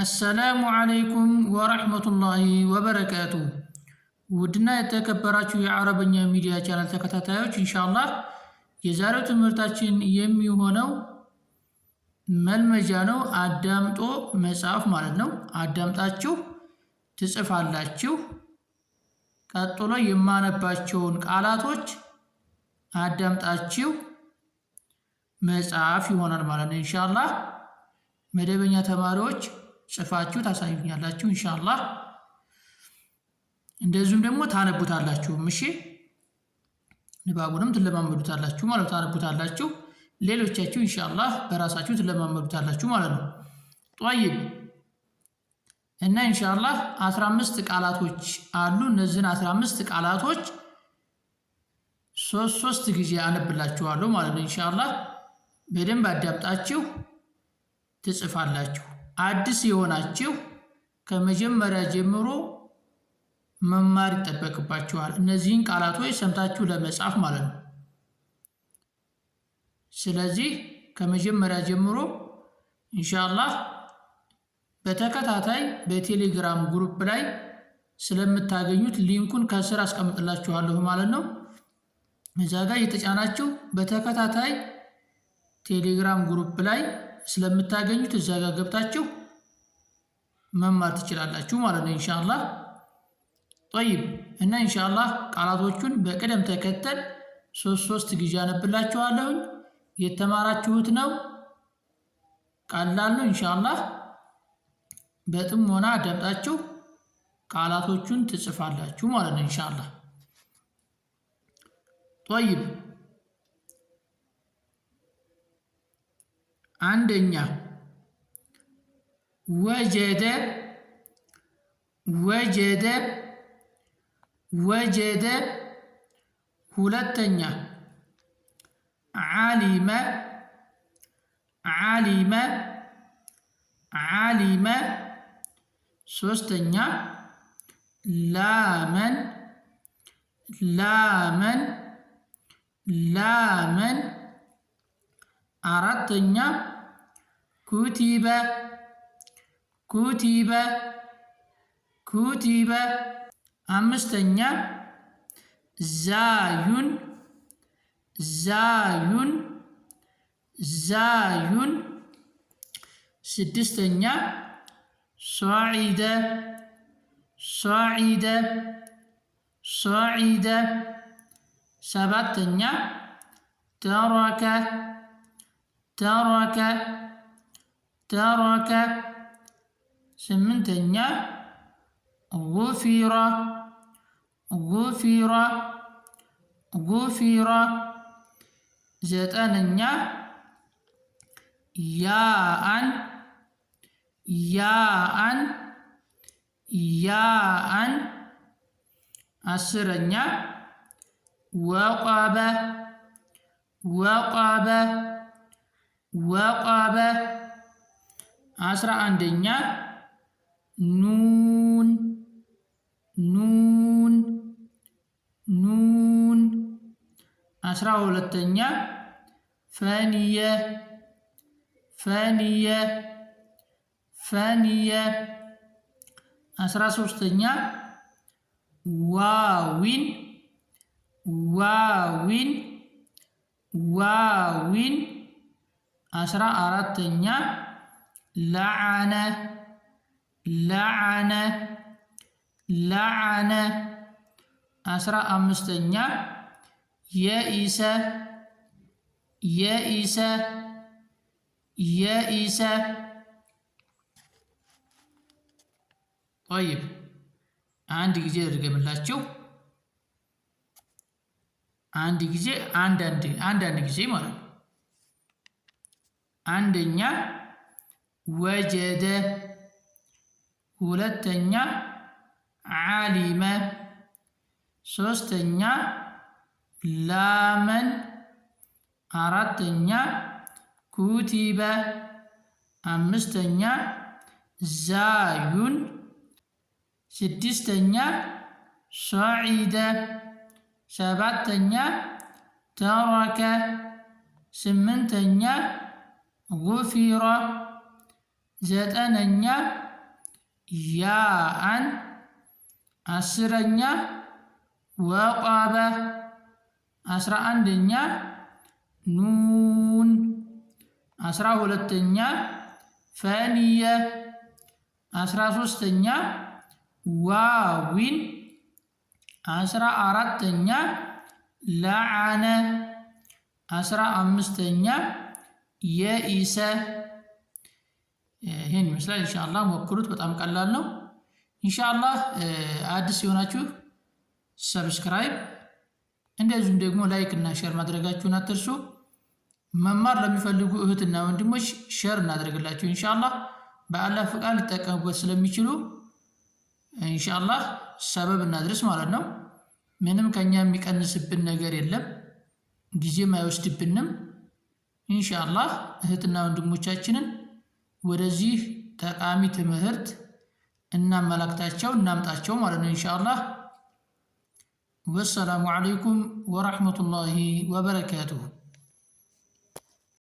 አሰላሙ አለይኩም ወረህመቱላሂ ወበረካቱ። ውድና የተከበራችሁ የአረበኛ ሚዲያ ቻናል ተከታታዮች ኢንሻአላህ የዛሬው ትምህርታችን የሚሆነው መልመጃ ነው። አዳምጦ መጽሐፍ ማለት ነው። አዳምጣችሁ ትጽፋላችሁ። ቀጥሎ የማነባቸውን ቃላቶች አዳምጣችሁ መጽሐፍ ይሆናል ማለት ነው። ኢንሻአላህ መደበኛ ተማሪዎች ጽፋችሁ ታሳዩኛላችሁ እንሻላ እንደዚሁም ደግሞ ታነቡታላችሁ እሺ ንባቡንም ትለማመዱታላችሁ ማለት ታነቡታላችሁ። ሌሎቻችሁ እንሻላ በራሳችሁ ትለማመዱታላችሁ ማለት ነው። ጠይብ እና አስራ አምስት ቃላቶች አሉ። እነዚህን አስራ አምስት ቃላቶች ሶስት ሶስት ጊዜ አነብላችኋለሁ ማለት ነው። እንሻላ በደንብ አዳምጣችሁ ትጽፋላችሁ። አዲስ የሆናችሁ ከመጀመሪያ ጀምሮ መማር ይጠበቅባችኋል። እነዚህን ቃላቶች ሰምታችሁ ለመጻፍ ማለት ነው። ስለዚህ ከመጀመሪያ ጀምሮ ኢንሻአላህ በተከታታይ በቴሌግራም ግሩፕ ላይ ስለምታገኙት ሊንኩን ከስር አስቀምጥላችኋለሁ ማለት ነው። እዛ ጋር የተጫናችሁ በተከታታይ ቴሌግራም ግሩፕ ላይ ስለምታገኙት እዛ ጋር ገብታችሁ መማር ትችላላችሁ ማለት ነው እንሻላ። ጠይብ እና ኢንሻአላህ ቃላቶቹን በቅደም ተከተል ሶስት ሶስት ጊዜ አነብላችኋለሁኝ። የተማራችሁት ነው ቀላሉ ነው ኢንሻአላህ። በጥሞና አዳምጣችሁ ቃላቶቹን ትጽፋላችሁ ማለት ነው ኢንሻአላህ። ጠይብ አንደኛ ወጀደ ወጀደ ወጀደ ሁለተኛ ዓሊመ ዓሊመ ዓሊመ ሶስተኛ ላመን ላመን ላመን አራተኛ ኩቲበ ኩቲበ ኩቲበ አምስተኛ ዛዩን ዛዩን ዛዩን ስድስተኛ ሷዒደ ሷዒደ ሷዒደ ሰባተኛ ተረከ ተረከ ተረከ ስምንተኛ ጉፊራ ጉፊራ ጉፊራ ዘጠነኛ ያአን ያአን ያአን አስረኛ ወቋበ ወቋበ ወቋበ አስራ አንደኛ ኑን ኑን ኑን አስራ ሁለተኛ ፈንየ ፈንየ ፈንየ አስራ ሶስተኛ ዋዊን ዋዊን ዋዊን አስራ አራተኛ ለዓነ ለዓነ ለዓነ አስራ አምስተኛ የኢሰ የኢሰ የኢሰ ጠይብ አንድ ጊዜ እድገምላችሁ አንድ ጊዜ አንዳንድ አንዳንድ ጊዜ ማለት ነው አንደኛ ወጀደ፣ ሁለተኛ ዓሊመ፣ ሶስተኛ ላመን፣ አራተኛ ኩቲበ፣ አምስተኛ ዛዩን፣ ስድስተኛ ሰዒደ፣ ሰባተኛ ተረከ፣ ስምንተኛ ጉፊራ ዘጠነኛ ያአን አስረኛ ወቋበ አስራ አንደኛ ኑን አስራ ሁለተኛ ፈንየ አስራ ሶስተኛ ዋዊን አስራ አራተኛ ለዓነ አስራ አምስተኛ የኢሰ ይህን ይመስላል። ኢንሻአላህ ሞክሩት፣ በጣም ቀላል ነው። ኢንሻአላህ አዲስ የሆናችሁ ሰብስክራይብ፣ እንደዚሁም ደግሞ ላይክ እና ሸር ማድረጋችሁን አትርሱ። መማር ለሚፈልጉ እህትና ወንድሞች ሼር እናደርግላችሁ እንሻላ በአላህ ፍቃድ ሊጠቀሙበት ስለሚችሉ ኢንሻአላህ ሰበብ እናድርስ ማለት ነው። ምንም ከኛ የሚቀንስብን ነገር የለም። ጊዜም አይወስድብንም። ኢንሻአላህ እህትና ወንድሞቻችንን ወደዚህ ጠቃሚ ትምህርት እናመላክታቸው እናምጣቸው ማለት ነው ኢንሻአላህ። ወሰላሙ አለይኩም ወራህመቱላሂ ወበረካቱሁ።